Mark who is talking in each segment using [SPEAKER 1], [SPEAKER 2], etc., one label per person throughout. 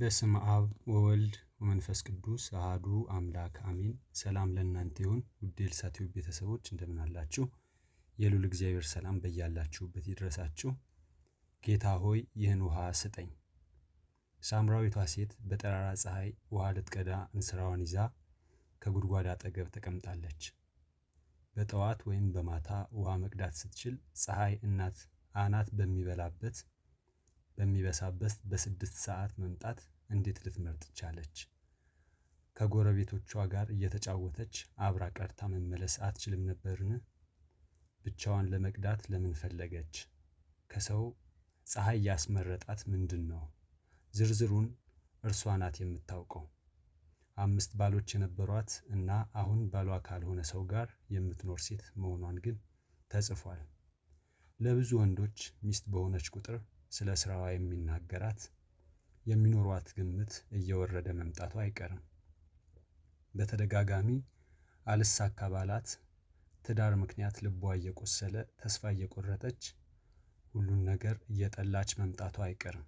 [SPEAKER 1] በስም አብ ወወልድ ወመንፈስ ቅዱስ አህዱ አምላክ አሜን። ሰላም ለእናንተ ይሁን ውድ የልሳቴው ቤተሰቦች እንደምን አላችሁ? የሉል እግዚአብሔር ሰላም በያላችሁበት ይድረሳችሁ። ጌታ ሆይ ይህን ውሃ ስጠኝ። ሳምራዊቷ ሴት በጠራራ ፀሐይ ውሃ ልትቀዳ እንስራዋን ይዛ ከጉድጓድ አጠገብ ተቀምጣለች። በጠዋት ወይም በማታ ውሃ መቅዳት ስትችል ፀሐይ እናት አናት በሚበላበት በሚበሳበት በስድስት ሰዓት መምጣት እንዴት ልትመርጥ ቻለች? ከጎረቤቶቿ ጋር እየተጫወተች አብራ ቀርታ መመለስ አትችልም ነበርን? ብቻዋን ለመቅዳት ለምን ፈለገች? ከሰው ፀሐይ ያስመረጣት ምንድን ነው? ዝርዝሩን እርሷ ናት የምታውቀው። አምስት ባሎች የነበሯት እና አሁን ባሏ ካልሆነ ሰው ጋር የምትኖር ሴት መሆኗን ግን ተጽፏል። ለብዙ ወንዶች ሚስት በሆነች ቁጥር ስለ ስራዋ የሚናገራት የሚኖሯት ግምት እየወረደ መምጣቱ አይቀርም። በተደጋጋሚ አልሳካ ባላት ትዳር ምክንያት ልቧ እየቆሰለ ተስፋ እየቆረጠች ሁሉን ነገር እየጠላች መምጣቷ አይቀርም።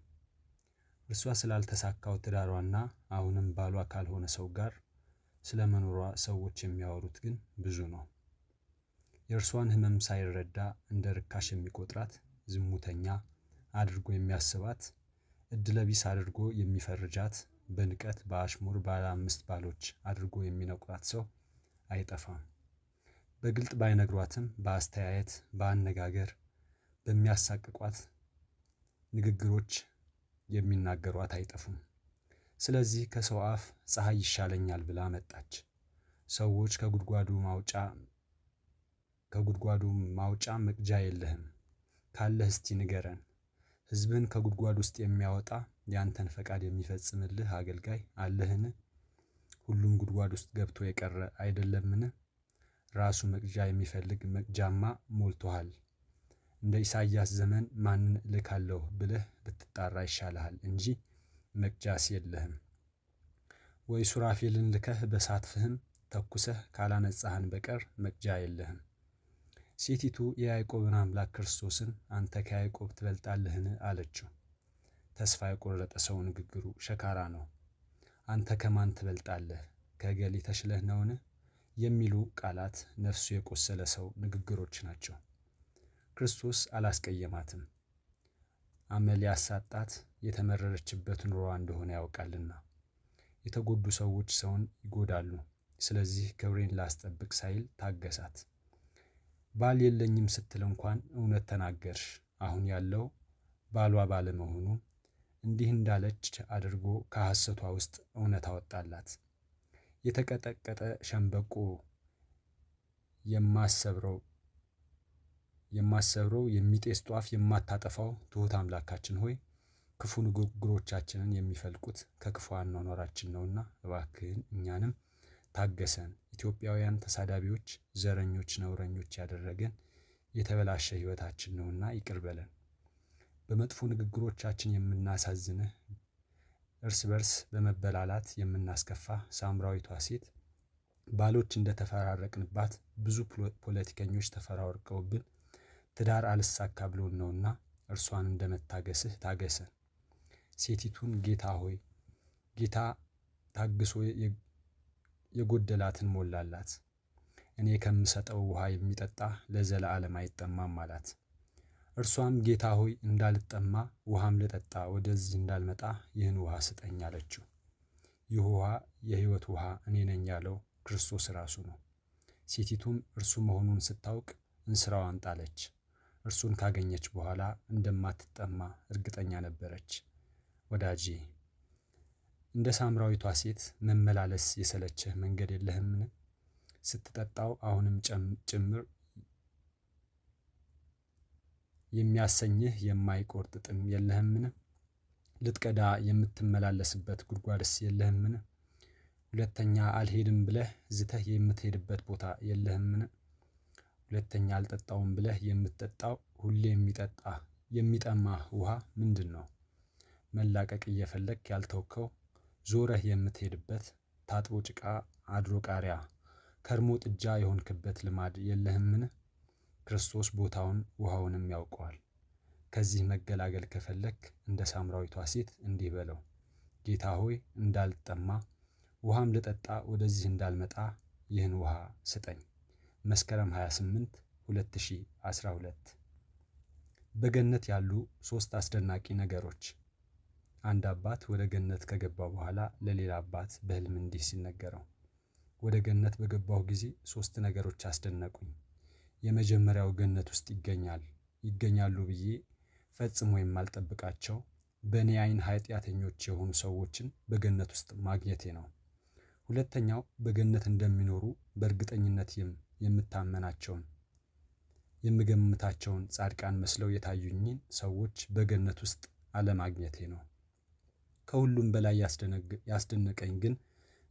[SPEAKER 1] እርሷ ስላልተሳካው ትዳሯና አሁንም ባሏ ካልሆነ ሰው ጋር ስለ መኖሯ ሰዎች የሚያወሩት ግን ብዙ ነው። የእርሷን ህመም ሳይረዳ እንደ ርካሽ የሚቆጥራት ዝሙተኛ አድርጎ የሚያስባት እድለቢስ አድርጎ የሚፈርጃት በንቀት በአሽሙር ባለ አምስት ባሎች አድርጎ የሚነቁራት ሰው አይጠፋም። በግልጥ ባይነግሯትም በአስተያየት በአነጋገር በሚያሳቅቋት ንግግሮች የሚናገሯት አይጠፉም። ስለዚህ ከሰው አፍ ፀሐይ ይሻለኛል ብላ መጣች። ሰዎች ከጉድጓዱ ማውጫ ከጉድጓዱ ማውጫ መቅጃ የለህም ካለህ እስቲ ንገረን ህዝብን ከጉድጓድ ውስጥ የሚያወጣ ያንተን ፈቃድ የሚፈጽምልህ አገልጋይ አለህን? ሁሉም ጉድጓድ ውስጥ ገብቶ የቀረ አይደለምን? ራሱ መቅጃ የሚፈልግ መቅጃማ ሞልቶሃል። እንደ ኢሳያስ ዘመን ማንን እልካለሁ ብለህ ብትጣራ ይሻልሃል እንጂ መቅጃስ የለህም። ወይ ሱራፌልን ልከህ በሳት ፍህም ተኩሰህ ካላነጻህን በቀር መቅጃ የለህም ሴቲቱ የያዕቆብን አምላክ ክርስቶስን አንተ ከያዕቆብ ትበልጣለህን አለችው። ተስፋ የቆረጠ ሰው ንግግሩ ሸካራ ነው። አንተ ከማን ትበልጣለህ ከገሌ ተሽለህ ነውን? የሚሉ ቃላት ነፍሱ የቆሰለ ሰው ንግግሮች ናቸው። ክርስቶስ አላስቀየማትም። አመል ያሳጣት የተመረረችበት ኑሮዋ እንደሆነ ያውቃልና። የተጎዱ ሰዎች ሰውን ይጎዳሉ። ስለዚህ ክብሬን ላስጠብቅ ሳይል ታገሳት። ባል የለኝም ስትል እንኳን እውነት ተናገርሽ። አሁን ያለው ባሏ ባለመሆኑ እንዲህ እንዳለች አድርጎ ከሐሰቷ ውስጥ እውነት አወጣላት። የተቀጠቀጠ ሸምበቆ የማሰብረው የማሰብረው የሚጤስ ጧፍ የማታጠፋው ትሑት አምላካችን ሆይ ክፉ ንግግሮቻችንን የሚፈልቁት ከክፉ አኗኗራችን ነውና እባክህን እኛንም ታገሰን። ኢትዮጵያውያን ተሳዳቢዎች፣ ዘረኞች፣ ነውረኞች ያደረገን የተበላሸ ህይወታችን ነውና ይቅር በለን። በመጥፎ ንግግሮቻችን የምናሳዝንህ፣ እርስ በርስ በመበላላት የምናስከፋ ሳምራዊቷ ሴት ባሎች እንደተፈራረቅንባት ብዙ ፖለቲከኞች ተፈራርቀውብን ትዳር አልሳካ ብሎን ነውና እርሷን እንደመታገስህ ታገሰን። ሴቲቱን ጌታ ሆይ ጌታ ታግሶ የጎደላትን ሞላላት። እኔ ከምሰጠው ውሃ የሚጠጣ ለዘለዓለም አይጠማም አላት። እርሷም ጌታ ሆይ እንዳልጠማ ውሃም ልጠጣ ወደዚህ እንዳልመጣ ይህን ውሃ ስጠኝ አለችው። ይህ ውሃ የሕይወት ውሃ እኔ ነኝ ያለው ክርስቶስ ራሱ ነው። ሴቲቱም እርሱ መሆኑን ስታውቅ እንስራዋን ጣለች። እርሱን ካገኘች በኋላ እንደማትጠማ እርግጠኛ ነበረች። ወዳጄ እንደ ሳምራዊቷ ሴት መመላለስ የሰለችህ መንገድ የለህምን? ስትጠጣው አሁንም ጭምር የሚያሰኝህ የማይቆርጥ ጥም የለህምን? ልትቀዳ የምትመላለስበት ጉድጓድስ የለህምን? ሁለተኛ አልሄድም ብለህ ዝተህ የምትሄድበት ቦታ የለህምን? ሁለተኛ አልጠጣውም ብለህ የምትጠጣው ሁሌ የሚጠጣ የሚጠማ ውሃ ምንድን ነው? መላቀቅ እየፈለግ ያልተውከው ዞረህ የምትሄድበት ታጥቦ ጭቃ አድሮ ቃሪያ ከርሞ ጥጃ የሆንክበት ልማድ የለህምን? ክርስቶስ ቦታውን ውሃውንም ያውቀዋል። ከዚህ መገላገል ከፈለክ እንደ ሳምራዊቷ ሴት እንዲህ በለው፣ ጌታ ሆይ እንዳልጠማ ውሃም ልጠጣ ወደዚህ እንዳልመጣ ይህን ውሃ ስጠኝ። መስከረም 28 2012 በገነት ያሉ ሦስት አስደናቂ ነገሮች አንድ አባት ወደ ገነት ከገባ በኋላ ለሌላ አባት በህልም እንዲህ ሲል ነገረው። ወደ ገነት በገባሁ ጊዜ ሶስት ነገሮች አስደነቁኝ። የመጀመሪያው ገነት ውስጥ ይገኛል ይገኛሉ ብዬ ፈጽሞ የማልጠብቃቸው በእኔ ዓይን ኃጢአተኞች የሆኑ ሰዎችን በገነት ውስጥ ማግኘቴ ነው። ሁለተኛው በገነት እንደሚኖሩ በእርግጠኝነት የምታመናቸውን የምገምታቸውን ጻድቃን መስለው የታዩኝን ሰዎች በገነት ውስጥ አለማግኘቴ ነው። ከሁሉም በላይ ያስደነቀኝ ግን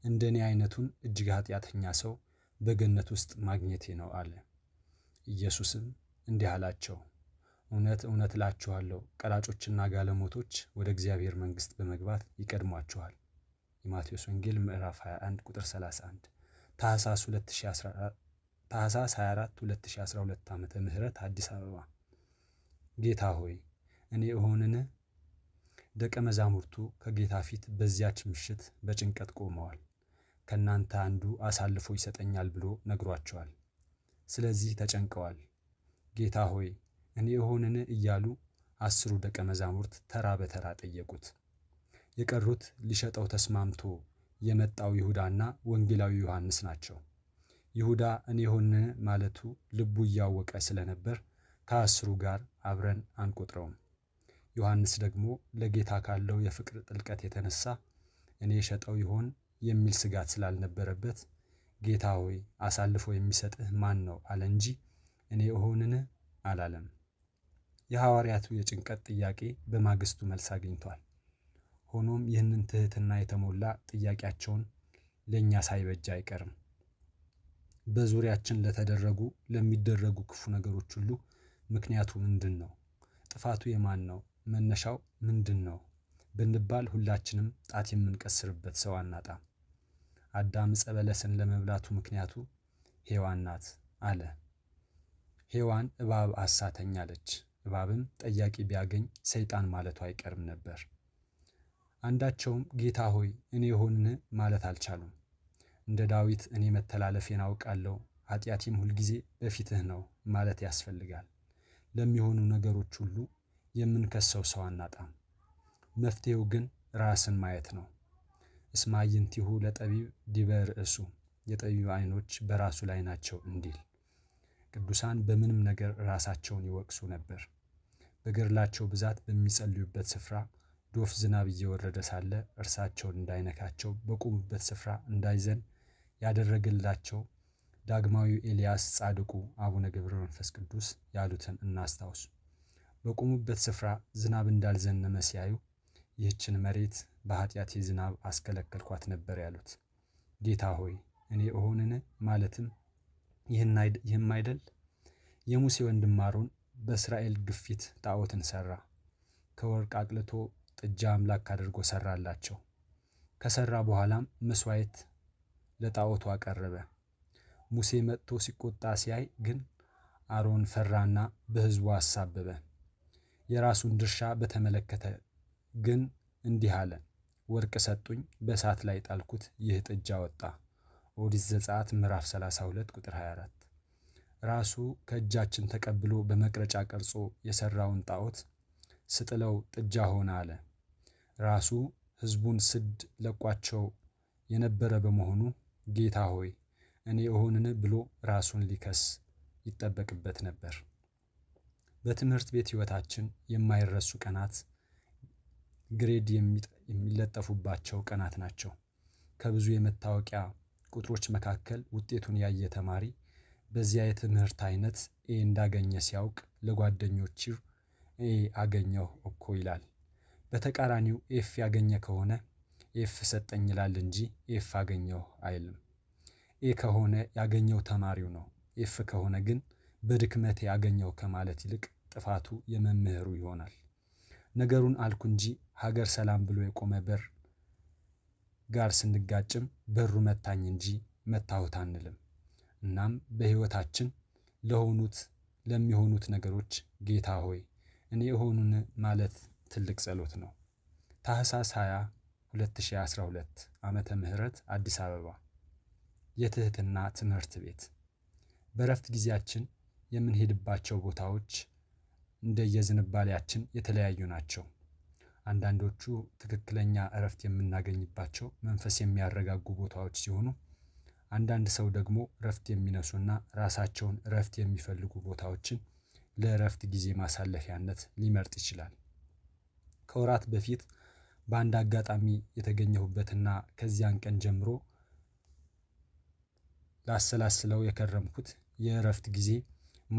[SPEAKER 1] እንደኔ አይነቱን እጅግ ኃጢአተኛ ሰው በገነት ውስጥ ማግኘቴ ነው አለ። ኢየሱስም እንዲህ አላቸው፣ እውነት እውነት እላችኋለሁ ቀራጮችና ጋለሞቶች ወደ እግዚአብሔር መንግሥት በመግባት ይቀድሟችኋል። የማቴዎስ ወንጌል ምዕራፍ 21 ቁጥር 31 ታህሳስ 24 2012 ዓ ምህረት አዲስ አበባ ጌታ ሆይ እኔ እሆንን ደቀ መዛሙርቱ ከጌታ ፊት በዚያች ምሽት በጭንቀት ቆመዋል። ከእናንተ አንዱ አሳልፎ ይሰጠኛል ብሎ ነግሯቸዋል። ስለዚህ ተጨንቀዋል። ጌታ ሆይ እኔ እሆንን እያሉ አስሩ ደቀ መዛሙርት ተራ በተራ ጠየቁት። የቀሩት ሊሸጠው ተስማምቶ የመጣው ይሁዳና ወንጌላዊ ዮሐንስ ናቸው። ይሁዳ እኔ እሆንን ማለቱ ልቡ እያወቀ ስለነበር ከአስሩ ጋር አብረን አንቆጥረውም። ዮሐንስ ደግሞ ለጌታ ካለው የፍቅር ጥልቀት የተነሳ እኔ ሸጠው ይሆን የሚል ስጋት ስላልነበረበት ጌታ ሆይ አሳልፎ የሚሰጥህ ማን ነው አለ እንጂ እኔ እሆንን አላለም። የሐዋርያቱ የጭንቀት ጥያቄ በማግስቱ መልስ አግኝቷል። ሆኖም ይህንን ትህትና የተሞላ ጥያቄያቸውን ለእኛ ሳይበጅ አይቀርም። በዙሪያችን ለተደረጉ ለሚደረጉ ክፉ ነገሮች ሁሉ ምክንያቱ ምንድን ነው? ጥፋቱ የማን ነው? መነሻው ምንድን ነው ብንባል ሁላችንም ጣት የምንቀስርበት ሰው አናጣም። አዳም ዕፀ በለስን ለመብላቱ ምክንያቱ ሔዋን ናት አለ። ሔዋን እባብ አሳተኝ አለች። እባብም ጠያቂ ቢያገኝ ሰይጣን ማለቱ አይቀርም ነበር። አንዳቸውም ጌታ ሆይ እኔ የሆንን ማለት አልቻሉም። እንደ ዳዊት እኔ መተላለፌን አውቃለሁ ኃጢአቴም ሁልጊዜ በፊትህ ነው ማለት ያስፈልጋል። ለሚሆኑ ነገሮች ሁሉ የምንከሰው ሰው አናጣም። መፍትሄው ግን ራስን ማየት ነው። እስመ አዕይንቲሁ ለጠቢብ ዲበ ርእሱ፣ የጠቢብ አይኖች በራሱ ላይ ናቸው እንዲል ቅዱሳን በምንም ነገር ራሳቸውን ይወቅሱ ነበር። በገድላቸው ብዛት በሚጸልዩበት ስፍራ ዶፍ ዝናብ እየወረደ ሳለ እርሳቸውን እንዳይነካቸው በቆሙበት ስፍራ እንዳይዘን ያደረገላቸው ዳግማዊ ኤልያስ ጻድቁ አቡነ ገብረ መንፈስ ቅዱስ ያሉትን እናስታውሱ። በቆሙበት ስፍራ ዝናብ እንዳልዘነመ ሲያዩ ይህችን መሬት በኃጢአቴ ዝናብ አስከለከልኳት ነበር ያሉት። ጌታ ሆይ እኔ እሆንን? ማለትም ይህም አይደል? የሙሴ ወንድም አሮን በእስራኤል ግፊት ጣዖትን ሰራ። ከወርቅ አቅልቶ ጥጃ አምላክ አድርጎ ሰራላቸው። ከሰራ በኋላም መስዋዕት ለጣዖቱ አቀረበ። ሙሴ መጥቶ ሲቆጣ ሲያይ ግን አሮን ፈራና በሕዝቡ አሳበበ። የራሱን ድርሻ በተመለከተ ግን እንዲህ አለ። ወርቅ ሰጡኝ፣ በእሳት ላይ ጣልኩት፣ ይህ ጥጃ ወጣ። ኦሪት ዘጸአት ምዕራፍ 32 ቁጥር 24። ራሱ ከእጃችን ተቀብሎ በመቅረጫ ቀርጾ የሰራውን ጣዖት ስጥለው ጥጃ ሆነ አለ። ራሱ ህዝቡን ስድ ለቋቸው የነበረ በመሆኑ ጌታ ሆይ እኔ እሆንን ብሎ ራሱን ሊከስ ይጠበቅበት ነበር። በትምህርት ቤት ህይወታችን የማይረሱ ቀናት ግሬድ የሚለጠፉባቸው ቀናት ናቸው። ከብዙ የመታወቂያ ቁጥሮች መካከል ውጤቱን ያየ ተማሪ በዚያ የትምህርት አይነት ኤ እንዳገኘ ሲያውቅ ለጓደኞቹ ኤ አገኘሁ እኮ ይላል። በተቃራኒው ኤፍ ያገኘ ከሆነ ኤፍ ሰጠኝ ይላል እንጂ ኤፍ አገኘሁ አይልም። ኤ ከሆነ ያገኘው ተማሪው ነው ኤፍ ከሆነ ግን በድክመቴ አገኘሁ ከማለት ይልቅ ጥፋቱ የመምህሩ ይሆናል። ነገሩን አልኩ እንጂ ሀገር ሰላም ብሎ የቆመ በር ጋር ስንጋጭም በሩ መታኝ እንጂ መታሁት አንልም። እናም በሕይወታችን ለሆኑት ለሚሆኑት ነገሮች ጌታ ሆይ እኔ እሆኑን ማለት ትልቅ ጸሎት ነው። ታህሳስ 20 2012 ዓመተ ምህረት አዲስ አበባ የትህትና ትምህርት ቤት በእረፍት ጊዜያችን የምንሄድባቸው ቦታዎች እንደየዝንባሌያችን የተለያዩ ናቸው። አንዳንዶቹ ትክክለኛ እረፍት የምናገኝባቸው መንፈስ የሚያረጋጉ ቦታዎች ሲሆኑ አንዳንድ ሰው ደግሞ እረፍት የሚነሱና ራሳቸውን እረፍት የሚፈልጉ ቦታዎችን ለእረፍት ጊዜ ማሳለፊያነት ሊመርጥ ይችላል። ከወራት በፊት በአንድ አጋጣሚ የተገኘሁበትና ከዚያን ቀን ጀምሮ ላሰላስለው የከረምኩት የእረፍት ጊዜ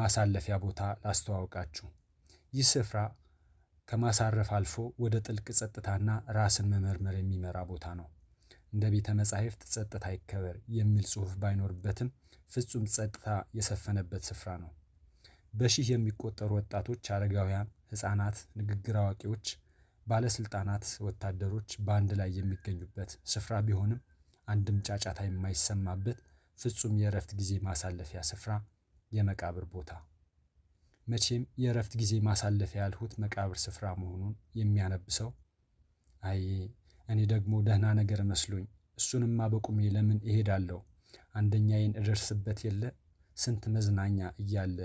[SPEAKER 1] ማሳለፊያ ቦታ ላስተዋውቃችሁ ይህ ስፍራ ከማሳረፍ አልፎ ወደ ጥልቅ ጸጥታና ራስን መመርመር የሚመራ ቦታ ነው። እንደ ቤተ መጻሕፍት ጸጥታ ይከበር የሚል ጽሑፍ ባይኖርበትም ፍጹም ጸጥታ የሰፈነበት ስፍራ ነው። በሺህ የሚቆጠሩ ወጣቶች፣ አረጋውያን፣ ሕፃናት፣ ንግግር አዋቂዎች፣ ባለስልጣናት፣ ወታደሮች በአንድ ላይ የሚገኙበት ስፍራ ቢሆንም አንድም ጫጫታ የማይሰማበት ፍጹም የእረፍት ጊዜ ማሳለፊያ ስፍራ፣ የመቃብር ቦታ መቼም የእረፍት ጊዜ ማሳለፊያ ያልሁት መቃብር ስፍራ መሆኑን የሚያነብ ሰው አይ እኔ ደግሞ ደህና ነገር መስሎኝ እሱንማ በቁሜ ለምን እሄዳለሁ? አንደኛዬን እደርስበት የለ ስንት መዝናኛ እያለ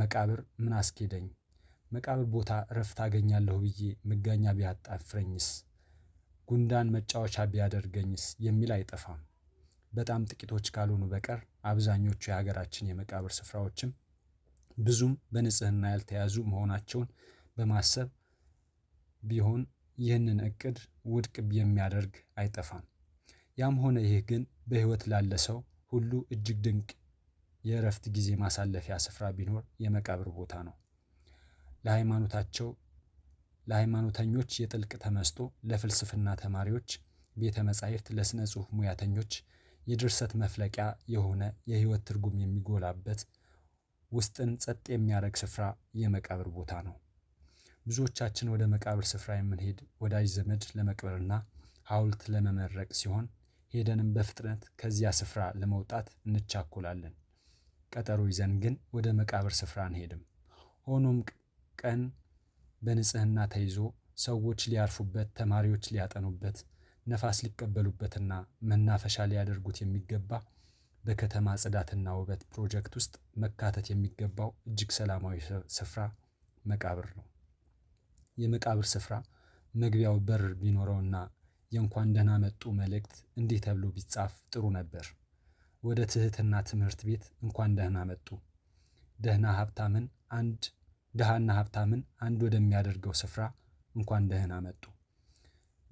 [SPEAKER 1] መቃብር ምን አስኬደኝ? መቃብር ቦታ እረፍት አገኛለሁ ብዬ መጋኛ ቢያጣፍረኝስ? ጉንዳን መጫወቻ ቢያደርገኝስ የሚል አይጠፋም። በጣም ጥቂቶች ካልሆኑ በቀር አብዛኞቹ የሀገራችን የመቃብር ስፍራዎችም ብዙም በንጽህና ያልተያዙ መሆናቸውን በማሰብ ቢሆን ይህንን እቅድ ውድቅ የሚያደርግ አይጠፋም። ያም ሆነ ይህ ግን በህይወት ላለ ሰው ሁሉ እጅግ ድንቅ የእረፍት ጊዜ ማሳለፊያ ስፍራ ቢኖር የመቃብር ቦታ ነው። ለሃይማኖታቸው ለሃይማኖተኞች የጥልቅ ተመስጦ፣ ለፍልስፍና ተማሪዎች ቤተ መጻሕፍት፣ ለሥነ ጽሑፍ ሙያተኞች የድርሰት መፍለቂያ የሆነ የህይወት ትርጉም የሚጎላበት ውስጥን ጸጥ የሚያደርግ ስፍራ የመቃብር ቦታ ነው። ብዙዎቻችን ወደ መቃብር ስፍራ የምንሄድ ወዳጅ ዘመድ ለመቅበርና ሐውልት ለመመረቅ ሲሆን ሄደንም በፍጥነት ከዚያ ስፍራ ለመውጣት እንቻኮላለን። ቀጠሮ ይዘን ግን ወደ መቃብር ስፍራ አንሄድም። ሆኖም ቀን በንጽህና ተይዞ ሰዎች ሊያርፉበት፣ ተማሪዎች ሊያጠኑበት፣ ነፋስ ሊቀበሉበትና መናፈሻ ሊያደርጉት የሚገባ በከተማ ጽዳትና ውበት ፕሮጀክት ውስጥ መካተት የሚገባው እጅግ ሰላማዊ ስፍራ መቃብር ነው። የመቃብር ስፍራ መግቢያው በር ቢኖረውና የእንኳን ደህና መጡ መልእክት እንዲህ ተብሎ ቢጻፍ ጥሩ ነበር። ወደ ትህትና ትምህርት ቤት እንኳን ደህና መጡ። ደህና ሀብታምን አንድ ድሃና ሀብታምን አንድ ወደሚያደርገው ስፍራ እንኳን ደህና መጡ።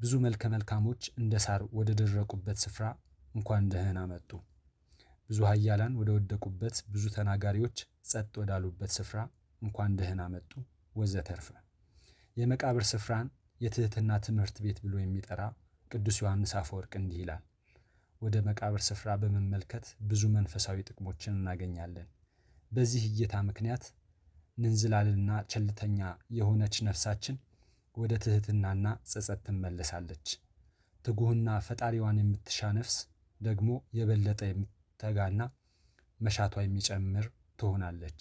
[SPEAKER 1] ብዙ መልከ መልካሞች እንደ ሳር ወደ ደረቁበት ስፍራ እንኳን ደህና መጡ። ብዙ ሀያላን ወደ ወደቁበት፣ ብዙ ተናጋሪዎች ጸጥ ወዳሉበት ስፍራ እንኳን ደህና መጡ ወዘተርፈ። የመቃብር ስፍራን የትህትና ትምህርት ቤት ብሎ የሚጠራ ቅዱስ ዮሐንስ አፈወርቅ እንዲህ ይላል። ወደ መቃብር ስፍራ በመመልከት ብዙ መንፈሳዊ ጥቅሞችን እናገኛለን። በዚህ እይታ ምክንያት ንንዝላልና ቸልተኛ የሆነች ነፍሳችን ወደ ትህትናና ጸጸት ትመለሳለች። ትጉህና ፈጣሪዋን የምትሻ ነፍስ ደግሞ የበለጠ ተጋና መሻቷ የሚጨምር ትሆናለች።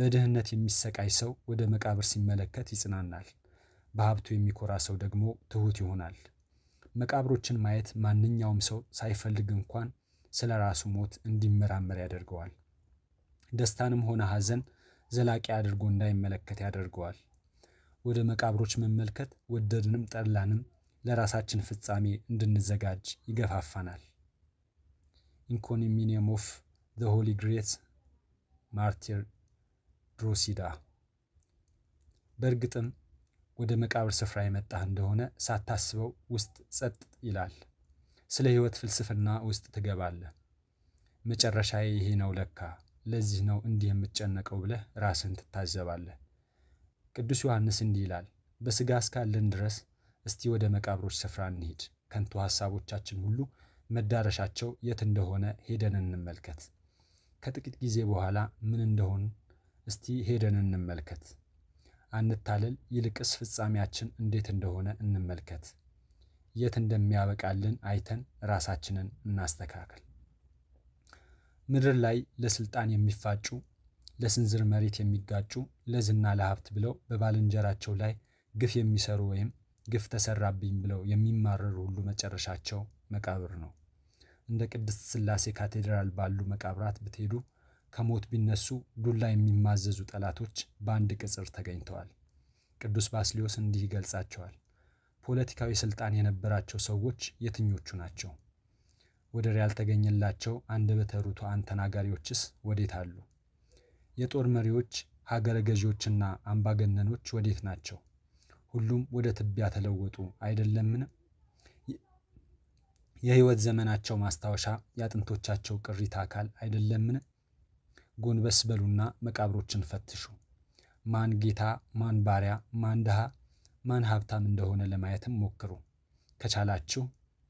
[SPEAKER 1] በድህነት የሚሰቃይ ሰው ወደ መቃብር ሲመለከት ይጽናናል። በሀብቱ የሚኮራ ሰው ደግሞ ትሁት ይሆናል። መቃብሮችን ማየት ማንኛውም ሰው ሳይፈልግ እንኳን ስለ ራሱ ሞት እንዲመራመር ያደርገዋል። ደስታንም ሆነ ሐዘን ዘላቂ አድርጎ እንዳይመለከት ያደርገዋል። ወደ መቃብሮች መመልከት ወደድንም ጠላንም ለራሳችን ፍጻሜ እንድንዘጋጅ ይገፋፋናል። ኢንኮሚኒየም ኦፍ ዘ ሆሊ ግሬት ማርቲር ድሮሲዳ በእርግጥም ወደ መቃብር ስፍራ የመጣህ እንደሆነ ሳታስበው ውስጥ ጸጥ ይላል። ስለ ሕይወት ፍልስፍና ውስጥ ትገባለህ። መጨረሻ ይሄ ነው ለካ፣ ለዚህ ነው እንዲህ የምትጨነቀው ብለህ ራስህን ትታዘባለህ። ቅዱስ ዮሐንስ እንዲህ ይላል፣ በሥጋ እስካለን ድረስ እስቲ ወደ መቃብሮች ስፍራ እንሂድ፣ ከንቱ ሐሳቦቻችን ሁሉ መዳረሻቸው የት እንደሆነ ሄደን እንመልከት። ከጥቂት ጊዜ በኋላ ምን እንደሆን እስቲ ሄደን እንመልከት። አንታለል፣ ይልቅስ ፍጻሜያችን እንዴት እንደሆነ እንመልከት። የት እንደሚያበቃልን አይተን ራሳችንን እናስተካከል። ምድር ላይ ለስልጣን የሚፋጩ ለስንዝር መሬት የሚጋጩ ለዝና ለሀብት ብለው በባልንጀራቸው ላይ ግፍ የሚሰሩ ወይም ግፍ ተሰራብኝ ብለው የሚማረሩ ሁሉ መጨረሻቸው መቃብር ነው። እንደ ቅድስት ሥላሴ ካቴድራል ባሉ መቃብራት ብትሄዱ ከሞት ቢነሱ ዱላ የሚማዘዙ ጠላቶች በአንድ ቅጽር ተገኝተዋል። ቅዱስ ባስልዮስ እንዲህ ይገልጻቸዋል። ፖለቲካዊ ስልጣን የነበራቸው ሰዎች የትኞቹ ናቸው? ወደር ያልተገኘላቸው አንደበተ ርቱዓን ተናጋሪዎችስ ወዴት አሉ? የጦር መሪዎች፣ ሀገረ ገዢዎችና አምባገነኖች ወዴት ናቸው? ሁሉም ወደ ትቢያ ተለወጡ አይደለምን? የህይወት ዘመናቸው ማስታወሻ የአጥንቶቻቸው ቅሪት አካል አይደለምን? ጎንበስ በሉና መቃብሮችን ፈትሹ። ማን ጌታ፣ ማን ባሪያ፣ ማን ድሃ፣ ማን ሀብታም እንደሆነ ለማየትም ሞክሩ። ከቻላችሁ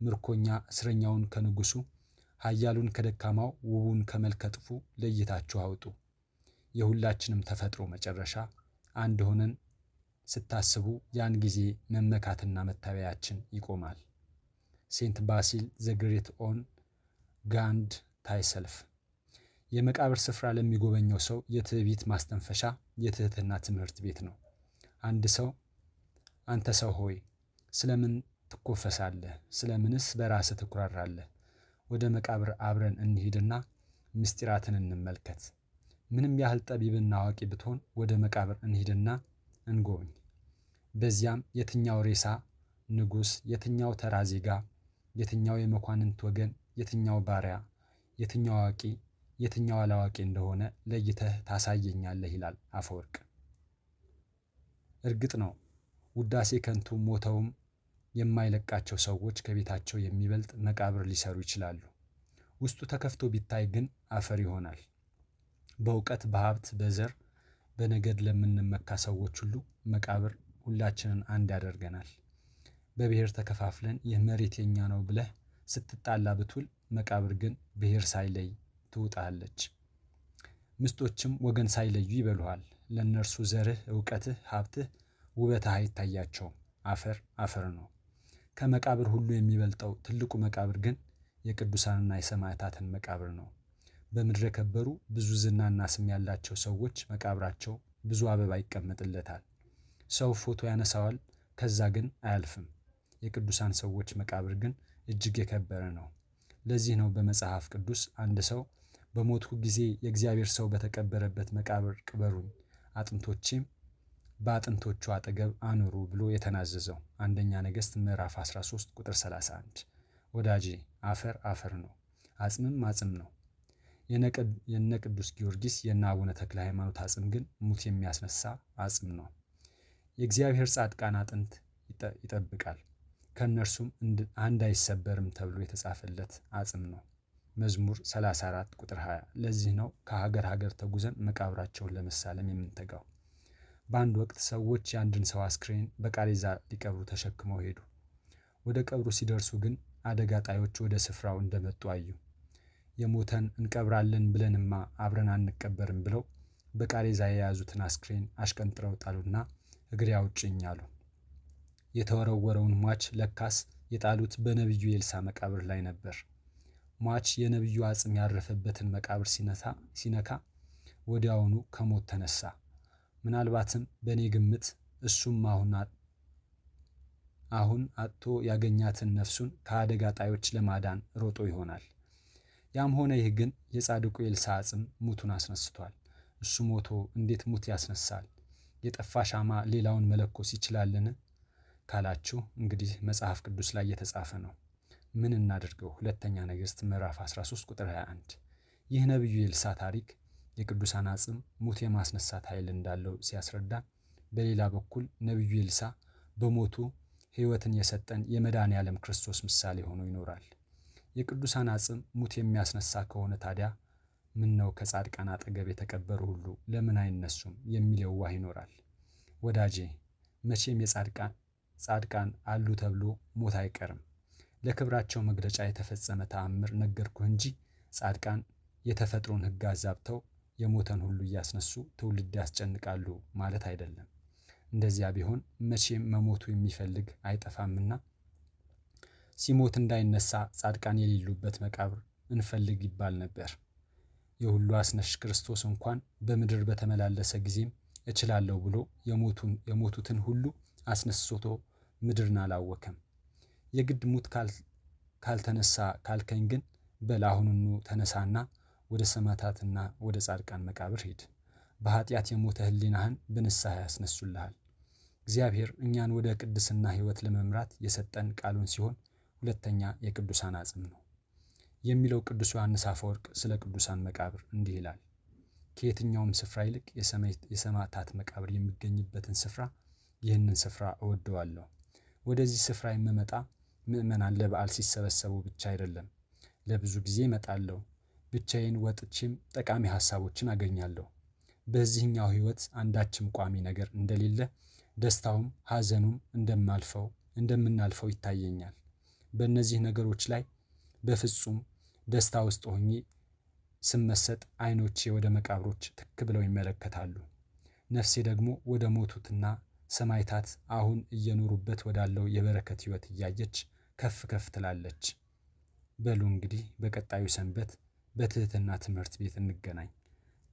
[SPEAKER 1] ምርኮኛ እስረኛውን ከንጉሱ ኃያሉን ከደካማው፣ ውቡን ከመልከጥፉ ለይታችሁ አውጡ። የሁላችንም ተፈጥሮ መጨረሻ አንድ ሆነን ስታስቡ ያን ጊዜ መመካትና መታበያችን ይቆማል። ሴንት ባሲል ዘግሬት ኦን ጋንድ ታይሰልፍ የመቃብር ስፍራ ለሚጎበኘው ሰው የትዕቢት ማስተንፈሻ የትህትና ትምህርት ቤት ነው። አንድ ሰው አንተ ሰው ሆይ ስለምን ትኮፈሳለህ? ስለምንስ በራስህ ትኩራራለህ? ወደ መቃብር አብረን እንሂድና ምስጢራትን እንመልከት። ምንም ያህል ጠቢብና አዋቂ ብትሆን ወደ መቃብር እንሂድና እንጎብኝ። በዚያም የትኛው ሬሳ ንጉሥ፣ የትኛው ተራ ዜጋ የትኛው የመኳንንት ወገን፣ የትኛው ባሪያ፣ የትኛው አዋቂ፣ የትኛው አላዋቂ እንደሆነ ለይተህ ታሳየኛለህ ይላል አፈወርቅ። እርግጥ ነው ውዳሴ ከንቱ ሞተውም የማይለቃቸው ሰዎች ከቤታቸው የሚበልጥ መቃብር ሊሰሩ ይችላሉ። ውስጡ ተከፍቶ ቢታይ ግን አፈር ይሆናል። በእውቀት፣ በሀብት፣ በዘር፣ በነገድ ለምንመካ ሰዎች ሁሉ መቃብር ሁላችንን አንድ ያደርገናል። በብሔር ተከፋፍለን ይህ መሬት የኛ ነው ብለህ ስትጣላ ብትውል መቃብር ግን ብሔር ሳይለይ ትውጣለች። ምስጦችም ወገን ሳይለዩ ይበሉሃል። ለእነርሱ ዘርህ፣ እውቀትህ፣ ሀብትህ፣ ውበትህ አይታያቸውም። አፈር አፈር ነው። ከመቃብር ሁሉ የሚበልጠው ትልቁ መቃብር ግን የቅዱሳንና የሰማዕታትን መቃብር ነው። በምድረ ከበሩ ብዙ ዝናና ስም ያላቸው ሰዎች መቃብራቸው ብዙ አበባ ይቀመጥለታል። ሰው ፎቶ ያነሳዋል፣ ከዛ ግን አያልፍም። የቅዱሳን ሰዎች መቃብር ግን እጅግ የከበረ ነው። ለዚህ ነው በመጽሐፍ ቅዱስ አንድ ሰው በሞትኩ ጊዜ የእግዚአብሔር ሰው በተቀበረበት መቃብር ቅበሩኝ፣ አጥንቶቼም በአጥንቶቹ አጠገብ አኑሩ ብሎ የተናዘዘው አንደኛ ነገሥት ምዕራፍ 13 ቁጥር 31። ወዳጄ አፈር አፈር ነው፣ አጽምም አጽም ነው። የነ ቅዱስ ጊዮርጊስ የነ አቡነ ተክለ ሃይማኖት አጽም ግን ሙት የሚያስነሳ አጽም ነው። የእግዚአብሔር ጻድቃን አጥንት ይጠብቃል። ከእነርሱም አንድ አይሰበርም ተብሎ የተጻፈለት አጽም ነው። መዝሙር 34 ቁጥር 20። ለዚህ ነው ከሀገር ሀገር ተጉዘን መቃብራቸውን ለመሳለም የምንተጋው። በአንድ ወቅት ሰዎች የአንድን ሰው አስክሬን በቃሬዛ ሊቀብሩ ተሸክመው ሄዱ። ወደ ቀብሩ ሲደርሱ ግን አደጋ ጣዮች ወደ ስፍራው እንደመጡ አዩ። የሞተን እንቀብራለን ብለንማ አብረን አንቀበርም ብለው በቃሬዛ የያዙትን አስክሬን አሽቀንጥረው ጣሉና እግሬ አውጭኝ አሉ። የተወረወረውን ሟች ለካስ የጣሉት በነቢዩ ኤልሳ መቃብር ላይ ነበር። ሟች የነቢዩ አጽም ያረፈበትን መቃብር ሲነካ ወዲያውኑ ከሞት ተነሳ። ምናልባትም በእኔ ግምት እሱም አሁን አሁን አጥቶ ያገኛትን ነፍሱን ከአደጋ ጣዮች ለማዳን ሮጦ ይሆናል። ያም ሆነ ይህ ግን የጻድቁ ኤልሳ አጽም ሙቱን አስነስቷል። እሱ ሞቶ እንዴት ሙት ያስነሳል? የጠፋ ሻማ ሌላውን መለኮስ ይችላልን? ካላችሁ እንግዲህ መጽሐፍ ቅዱስ ላይ የተጻፈ ነው። ምን እናድርገው? ሁለተኛ ነገሥት ምዕራፍ 13 ቁጥር 21 ይህ ነቢዩ ኤልሳ ታሪክ የቅዱሳን አጽም ሙት የማስነሳት ኃይል እንዳለው ሲያስረዳ፣ በሌላ በኩል ነቢዩ ኤልሳ በሞቱ ሕይወትን የሰጠን የመድኃኔ ዓለም ክርስቶስ ምሳሌ ሆኖ ይኖራል። የቅዱሳን አጽም ሙት የሚያስነሳ ከሆነ ታዲያ ምን ነው ከጻድቃን አጠገብ የተቀበሩ ሁሉ ለምን አይነሱም? የሚል የዋህ ይኖራል። ወዳጄ መቼም የጻድቃን ጻድቃን አሉ ተብሎ ሞት አይቀርም። ለክብራቸው መግለጫ የተፈጸመ ተአምር ነገርኩ እንጂ ጻድቃን የተፈጥሮን ሕግ አዛብተው የሞተን ሁሉ እያስነሱ ትውልድ ያስጨንቃሉ ማለት አይደለም። እንደዚያ ቢሆን መቼም መሞቱ የሚፈልግ አይጠፋምና ሲሞት እንዳይነሳ ጻድቃን የሌሉበት መቃብር እንፈልግ ይባል ነበር። የሁሉ አስነሽ ክርስቶስ እንኳን በምድር በተመላለሰ ጊዜም እችላለሁ ብሎ የሞቱትን ሁሉ አስነስቶ ምድርን አላወከም። የግድ ሙት ካልተነሳ ካልከኝ ግን በል አሁኑኑ ተነሳና ወደ ሰማዕታትና ወደ ጻድቃን መቃብር ሂድ። በኃጢአት የሞተ ህሊናህን በንስሐ ያስነሱልሃል። እግዚአብሔር እኛን ወደ ቅድስና ሕይወት ለመምራት የሰጠን ቃሉን ሲሆን ሁለተኛ የቅዱሳን አጽም ነው የሚለው ቅዱስ ዮሐንስ አፈወርቅ ስለ ቅዱሳን መቃብር እንዲህ ይላል። ከየትኛውም ስፍራ ይልቅ የሰማዕታት መቃብር የሚገኝበትን ስፍራ ይህንን ስፍራ እወደዋለሁ። ወደዚህ ስፍራ የምመጣ ምእመናን ለበዓል ሲሰበሰቡ ብቻ አይደለም። ለብዙ ጊዜ እመጣለሁ፣ ብቻዬን ወጥቼም ጠቃሚ ሀሳቦችን አገኛለሁ። በዚህኛው ህይወት አንዳችም ቋሚ ነገር እንደሌለ ደስታውም ሀዘኑም እንደማልፈው እንደምናልፈው ይታየኛል። በእነዚህ ነገሮች ላይ በፍጹም ደስታ ውስጥ ሆኜ ስመሰጥ አይኖቼ ወደ መቃብሮች ትክ ብለው ይመለከታሉ። ነፍሴ ደግሞ ወደ ሞቱትና ሰማይታት አሁን እየኖሩበት ወዳለው የበረከት ህይወት እያየች ከፍ ከፍ ትላለች። በሉ እንግዲህ በቀጣዩ ሰንበት በትህትና ትምህርት ቤት እንገናኝ።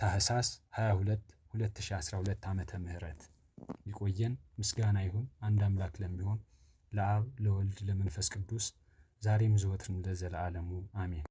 [SPEAKER 1] ታህሳስ 22 2012 ዓመተ ይቆየን። ምስጋና ይሁን አንድ አምላክ ለሚሆን ለአብ ለወልድ ለመንፈስ ቅዱስ ዛሬም ዘወትርም ለዘለዓለሙ አሜን።